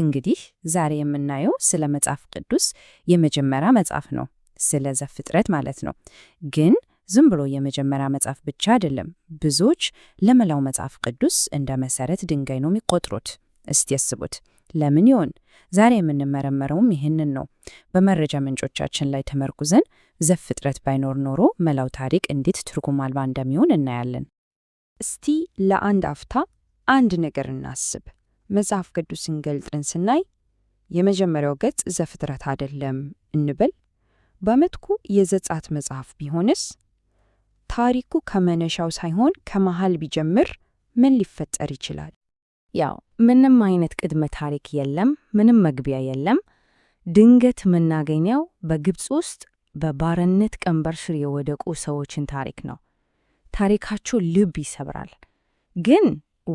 እንግዲህ ዛሬ የምናየው ስለ መጽሐፍ ቅዱስ የመጀመሪያ መጽሐፍ ነው፣ ስለ ዘፍጥረት ማለት ነው። ግን ዝም ብሎ የመጀመሪያ መጽሐፍ ብቻ አይደለም። ብዙዎች ለመላው መጽሐፍ ቅዱስ እንደ መሰረት ድንጋይ ነው የሚቆጥሩት። እስቲ ያስቡት፣ ለምን ይሆን? ዛሬ የምንመረመረውም ይህንን ነው። በመረጃ ምንጮቻችን ላይ ተመርኩዘን ዘፍጥረት ባይኖር ኖሮ መላው ታሪክ እንዴት ትርጉም አልባ እንደሚሆን እናያለን። እስቲ ለአንድ አፍታ አንድ ነገር እናስብ። መጽሐፍ ቅዱስን ገልጠን ስናይ የመጀመሪያው ገጽ ዘፍጥረት አይደለም እንበል። በመትኩ የዘጻት መጽሐፍ ቢሆንስ? ታሪኩ ከመነሻው ሳይሆን ከመሃል ቢጀምር ምን ሊፈጠር ይችላል? ያው ምንም አይነት ቅድመ ታሪክ የለም፣ ምንም መግቢያ የለም። ድንገት የምናገኘው በግብፅ ውስጥ በባርነት ቀንበር ስር የወደቁ ሰዎችን ታሪክ ነው። ታሪካቸው ልብ ይሰብራል፣ ግን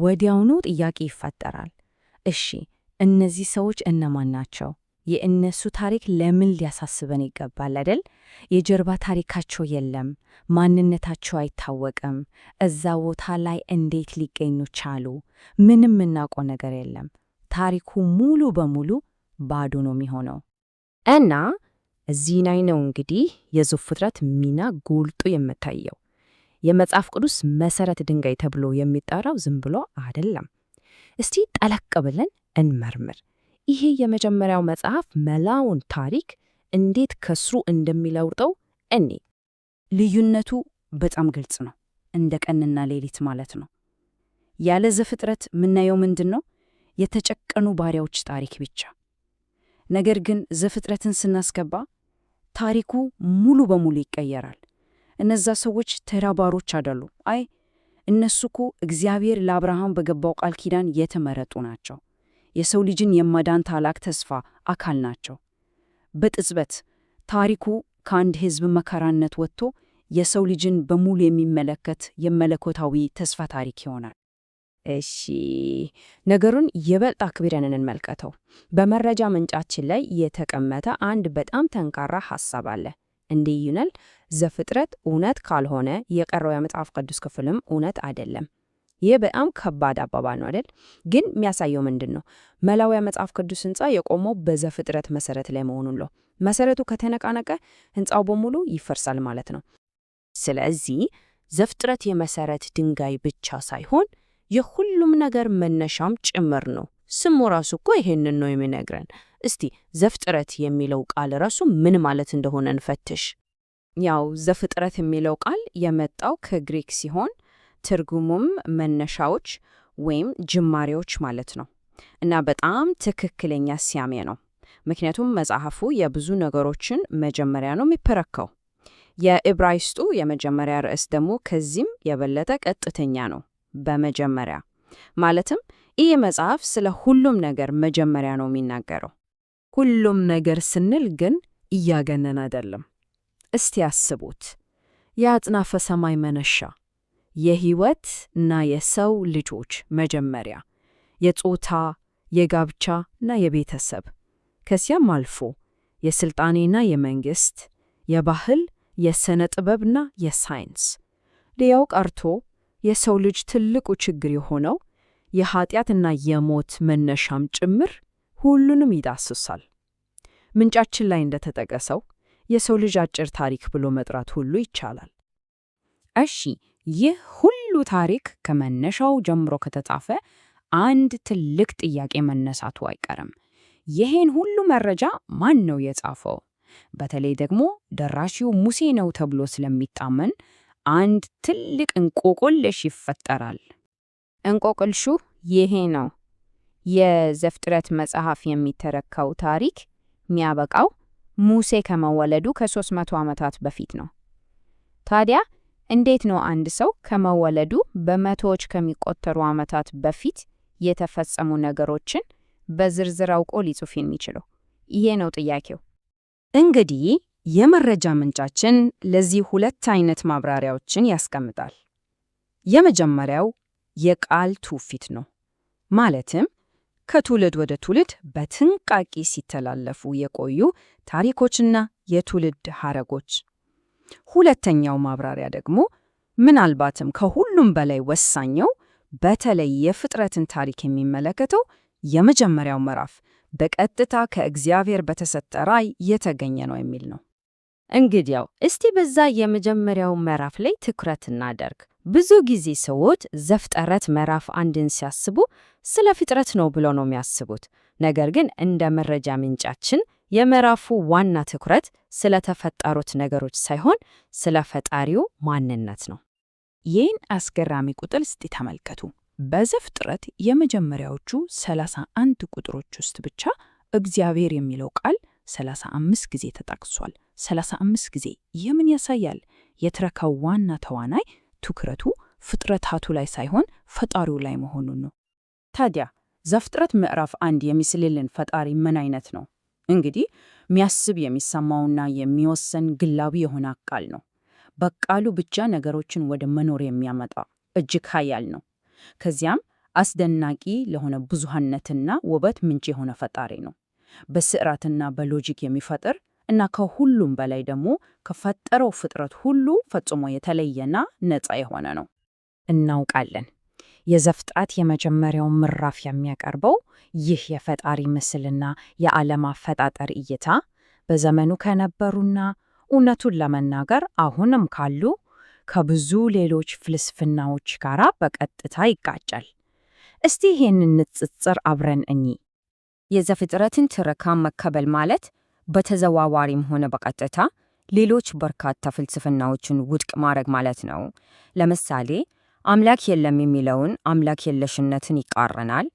ወዲያውኑ ጥያቄ ይፈጠራል። እሺ እነዚህ ሰዎች እነማን ናቸው? የእነሱ ታሪክ ለምን ሊያሳስበን ይገባል አይደል? የጀርባ ታሪካቸው የለም፣ ማንነታቸው አይታወቅም። እዛ ቦታ ላይ እንዴት ሊገኙ ቻሉ? ምንም የምናውቀው ነገር የለም። ታሪኩ ሙሉ በሙሉ ባዶ ነው የሚሆነው እና እዚህ ላይ ነው እንግዲህ የዘፍጥረት ሚና ጎልጦ የምታየው። የመጽሐፍ ቅዱስ መሰረት ድንጋይ ተብሎ የሚጠራው ዝም ብሎ አይደለም። እስቲ ጠለቅ ብለን እንመርምር። ይሄ የመጀመሪያው መጽሐፍ መላውን ታሪክ እንዴት ከስሩ እንደሚለውጠው እኔ ልዩነቱ በጣም ግልጽ ነው። እንደ ቀንና ሌሊት ማለት ነው። ያለ ዘፍጥረት ምናየው ምንድን ነው? የተጨቀኑ ባሪያዎች ታሪክ ብቻ። ነገር ግን ዘፍጥረትን ስናስገባ ታሪኩ ሙሉ በሙሉ ይቀየራል። እነዛ ሰዎች ተራ ባሮች አይደሉም። አይ እነሱ እኮ እግዚአብሔር ለአብርሃም በገባው ቃል ኪዳን የተመረጡ ናቸው። የሰው ልጅን የማዳን ታላቅ ተስፋ አካል ናቸው። በቅጽበት ታሪኩ ከአንድ ሕዝብ መከራነት ወጥቶ የሰው ልጅን በሙሉ የሚመለከት የመለኮታዊ ተስፋ ታሪክ ይሆናል። እሺ፣ ነገሩን ይበልጥ አክብረን እንመልከተው። በመረጃ ምንጫችን ላይ የተቀመጠ አንድ በጣም ጠንካራ ሐሳብ አለ። እንዲህ ይላል፣ ዘፍጥረት እውነት ካልሆነ የቀረው የመጽሐፍ ቅዱስ ክፍልም እውነት አይደለም። ይህ በጣም ከባድ አባባል ነው አይደል? ግን የሚያሳየው ምንድን ነው? መላው የመጽሐፍ ቅዱስ ህንፃ የቆመው በዘፍጥረት መሰረት ላይ መሆኑን ነው። መሰረቱ ከተነቃነቀ ህንፃው በሙሉ ይፈርሳል ማለት ነው። ስለዚህ ዘፍጥረት የመሰረት ድንጋይ ብቻ ሳይሆን የሁሉም ነገር መነሻም ጭምር ነው። ስሙ ራሱ እኮ ይሄንን ነው የሚነግረን። እስቲ ዘፍጥረት የሚለው ቃል ራሱ ምን ማለት እንደሆነ እንፈትሽ። ያው ዘፍጥረት የሚለው ቃል የመጣው ከግሪክ ሲሆን ትርጉሙም መነሻዎች ወይም ጅማሬዎች ማለት ነው እና በጣም ትክክለኛ ስያሜ ነው። ምክንያቱም መጽሐፉ የብዙ ነገሮችን መጀመሪያ ነው የሚፈረከው። የዕብራይስጡ የመጀመሪያ ርዕስ ደግሞ ከዚህም የበለጠ ቀጥተኛ ነው። በመጀመሪያ ማለትም ይህ መጽሐፍ ስለ ሁሉም ነገር መጀመሪያ ነው የሚናገረው። ሁሉም ነገር ስንል ግን እያገነን አይደለም። እስቲ አስቡት፣ የአጽናፈ ሰማይ መነሻ፣ የህይወት እና የሰው ልጆች መጀመሪያ፣ የጾታ የጋብቻ እና የቤተሰብ ከዚያም አልፎ የሥልጣኔና የመንግሥት፣ የባህል፣ የሥነ ጥበብና የሳይንስ ሊያው ቀርቶ የሰው ልጅ ትልቁ ችግር የሆነው የኃጢአትና የሞት መነሻም ጭምር ሁሉንም ይዳስሳል። ምንጫችን ላይ እንደተጠቀሰው የሰው ልጅ አጭር ታሪክ ብሎ መጥራት ሁሉ ይቻላል። እሺ ይህ ሁሉ ታሪክ ከመነሻው ጀምሮ ከተጻፈ አንድ ትልቅ ጥያቄ መነሳቱ አይቀርም። ይሄን ሁሉ መረጃ ማን ነው የጻፈው? በተለይ ደግሞ ደራሺው ሙሴ ነው ተብሎ ስለሚታመን አንድ ትልቅ እንቆቅልሽ ይፈጠራል። እንቆቅልሹ ይሄ ነው። የዘፍጥረት መጽሐፍ የሚተረካው ታሪክ የሚያበቃው ሙሴ ከመወለዱ ከ300 ዓመታት በፊት ነው። ታዲያ እንዴት ነው አንድ ሰው ከመወለዱ በመቶዎች ከሚቆጠሩ ዓመታት በፊት የተፈጸሙ ነገሮችን በዝርዝር አውቆ ሊጽፍ የሚችለው? ይሄ ነው ጥያቄው። እንግዲህ የመረጃ ምንጫችን ለዚህ ሁለት አይነት ማብራሪያዎችን ያስቀምጣል። የመጀመሪያው የቃል ትውፊት ነው። ማለትም ከትውልድ ወደ ትውልድ በጥንቃቄ ሲተላለፉ የቆዩ ታሪኮችና የትውልድ ሐረጎች። ሁለተኛው ማብራሪያ ደግሞ ምናልባትም ከሁሉም በላይ ወሳኘው በተለይ የፍጥረትን ታሪክ የሚመለከተው የመጀመሪያው ምዕራፍ በቀጥታ ከእግዚአብሔር በተሰጠ ራእይ የተገኘ ነው የሚል ነው። እንግዲያው እስቲ በዛ የመጀመሪያው ምዕራፍ ላይ ትኩረት እናደርግ። ብዙ ጊዜ ሰዎች ዘፍጥረት ምዕራፍ አንድን ሲያስቡ ስለ ፍጥረት ነው ብሎ ነው የሚያስቡት። ነገር ግን እንደ መረጃ ምንጫችን የምዕራፉ ዋና ትኩረት ስለ ተፈጠሩት ነገሮች ሳይሆን ስለ ፈጣሪው ማንነት ነው። ይህን አስገራሚ ቁጥር እስቲ ተመልከቱ። በዘፍጥረት የመጀመሪያዎቹ 31 ቁጥሮች ውስጥ ብቻ እግዚአብሔር የሚለው ቃል 35 ጊዜ ተጠቅሷል። 35 ጊዜ። ይህ ምን ያሳያል? የትረካው ዋና ተዋናይ ትኩረቱ ፍጥረታቱ ላይ ሳይሆን ፈጣሪው ላይ መሆኑን ነው። ታዲያ ዘፍጥረት ምዕራፍ አንድ የሚስልልን ፈጣሪ ምን አይነት ነው? እንግዲህ የሚያስብ የሚሰማውና የሚወሰን ግላዊ የሆነ አቃል ነው። በቃሉ ብቻ ነገሮችን ወደ መኖር የሚያመጣ እጅግ ኃያል ነው። ከዚያም አስደናቂ ለሆነ ብዙሃነትና ውበት ምንጭ የሆነ ፈጣሪ ነው። በስዕራትና በሎጂክ የሚፈጥር እና ከሁሉም በላይ ደግሞ ከፈጠረው ፍጥረት ሁሉ ፈጽሞ የተለየና ነፃ የሆነ ነው። እናውቃለን የዘፍጥረት የመጀመሪያውን ምዕራፍ የሚያቀርበው ይህ የፈጣሪ ምስልና የዓለም አፈጣጠር እይታ በዘመኑ ከነበሩና እውነቱን ለመናገር አሁንም ካሉ ከብዙ ሌሎች ፍልስፍናዎች ጋር በቀጥታ ይጋጫል። እስቲ ይህን ንጽጽር አብረን እኚ የዘፍጥረትን ትረካ መከበል ማለት በተዘዋዋሪም ሆነ በቀጥታ ሌሎች በርካታ ፍልስፍናዎችን ውድቅ ማድረግ ማለት ነው። ለምሳሌ አምላክ የለም የሚለውን አምላክ የለሽነትን ይቃረናል።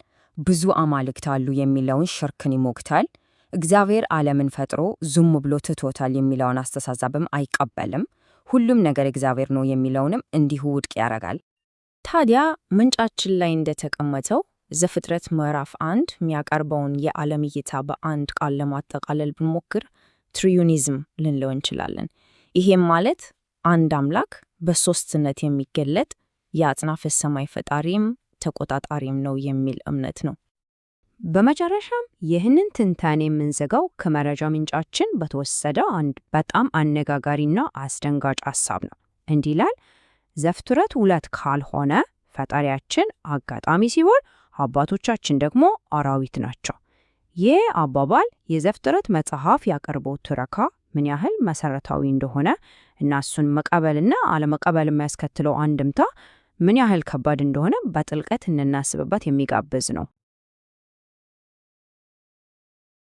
ብዙ አማልክት አሉ የሚለውን ሽርክን ይሞግታል። እግዚአብሔር ዓለምን ፈጥሮ ዝም ብሎ ትቶታል የሚለውን አስተሳሰብም አይቀበልም። ሁሉም ነገር እግዚአብሔር ነው የሚለውንም እንዲሁ ውድቅ ያደርጋል። ታዲያ ምንጫችን ላይ እንደተቀመጠው ዘፍጥረት ምዕራፍ አንድ የሚያቀርበውን የዓለም እይታ በአንድ ቃል ለማጠቃለል ብንሞክር ትሪዩኒዝም ልንለው እንችላለን። ይሄም ማለት አንድ አምላክ በሶስትነት የሚገለጥ የአጽናፈ ሰማይ ፈጣሪም ተቆጣጣሪም ነው የሚል እምነት ነው። በመጨረሻም ይህንን ትንታኔ የምንዘጋው ከመረጃ ምንጫችን በተወሰደ አንድ በጣም አነጋጋሪና አስደንጋጭ ሐሳብ ነው። እንዲህ ይላል ዘፍጥረት ሁለት ካልሆነ ፈጣሪያችን አጋጣሚ ሲሆን አባቶቻችን ደግሞ አራዊት ናቸው። ይህ አባባል የዘፍጥረት መጽሐፍ ያቀርበው ትረካ ምን ያህል መሰረታዊ እንደሆነ እና እሱን መቀበልና አለመቀበል የሚያስከትለው አንድምታ ምን ያህል ከባድ እንደሆነ በጥልቀት እንናስብበት የሚጋብዝ ነው።